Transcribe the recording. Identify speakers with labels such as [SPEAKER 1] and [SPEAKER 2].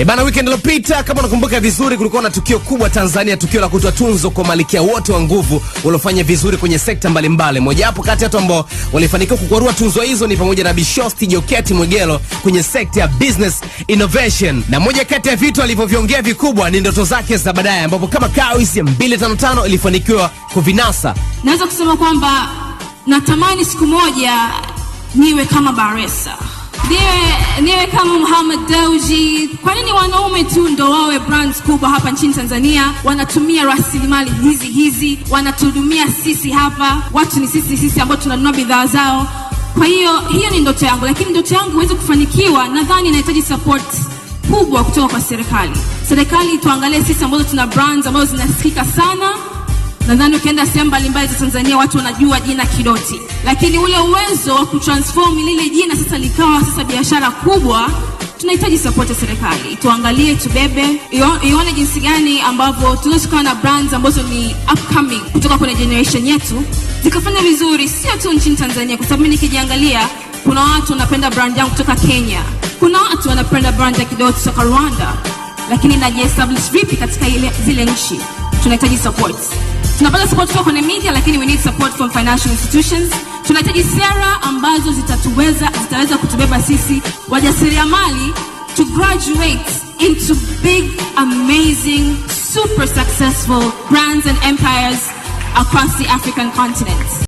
[SPEAKER 1] E bana, weekend iliyopita kama unakumbuka vizuri, kulikuwa na tukio kubwa Tanzania, tukio la kutoa tunzo kwa malikia wote wa nguvu waliofanya vizuri kwenye sekta mbalimbali. Mojawapo kati ya watu ambao walifanikiwa kukwarua tunzo hizo ni pamoja na Bishosti Joketi Mwegelo kwenye sekta ya business innovation, na moja kati ya vitu alivyoviongea vikubwa ni ndoto zake za baadaye, ambapo kama Kawis ya 255 ilifanikiwa kuvinasa.
[SPEAKER 2] Naweza kusema kwamba natamani siku moja niwe kama Baresa. Ndiye niwe kama Muhammad dauji Kwa nini wanaume tu ndo wawe brands kubwa hapa nchini Tanzania? Wanatumia rasilimali hizi hizi, wanatuhudumia sisi hapa, watu ni sisi sisi ambao tunanunua bidhaa zao. Kwa hiyo hiyo ni ndoto yangu, lakini ndoto yangu iweze kufanikiwa, nadhani inahitaji support kubwa kutoka kwa serikali. Serikali tuangalie sisi ambazo tuna brands ambazo zinasikika sana Nadhani ukienda sehemu mbalimbali za Tanzania watu wanajua jina Kidoti, lakini ule uwezo wa kutransform lile jina sasa likawa sasa biashara kubwa, tunahitaji support ya serikali, tuangalie, tubebe, ione jinsi gani ambavyo tunaweza tukawa na brands ambazo ni upcoming kutoka kwenye generation yetu zikafanya vizuri, sio tu nchini Tanzania, kwa sababu nikijiangalia, kuna watu wanapenda brand yangu kutoka Kenya, kuna watu wanapenda brand ya Kidoti kutoka Rwanda, lakini najiestablish vipi katika ile zile nchi? Tunahitaji support. Tunapata support kutoka kwenye media, lakini we need support from financial institutions. Tunahitaji sera ambazo zitatuweza zitaweza kutubeba sisi wajasiriamali to graduate into big amazing super successful brands and empires across the African continent.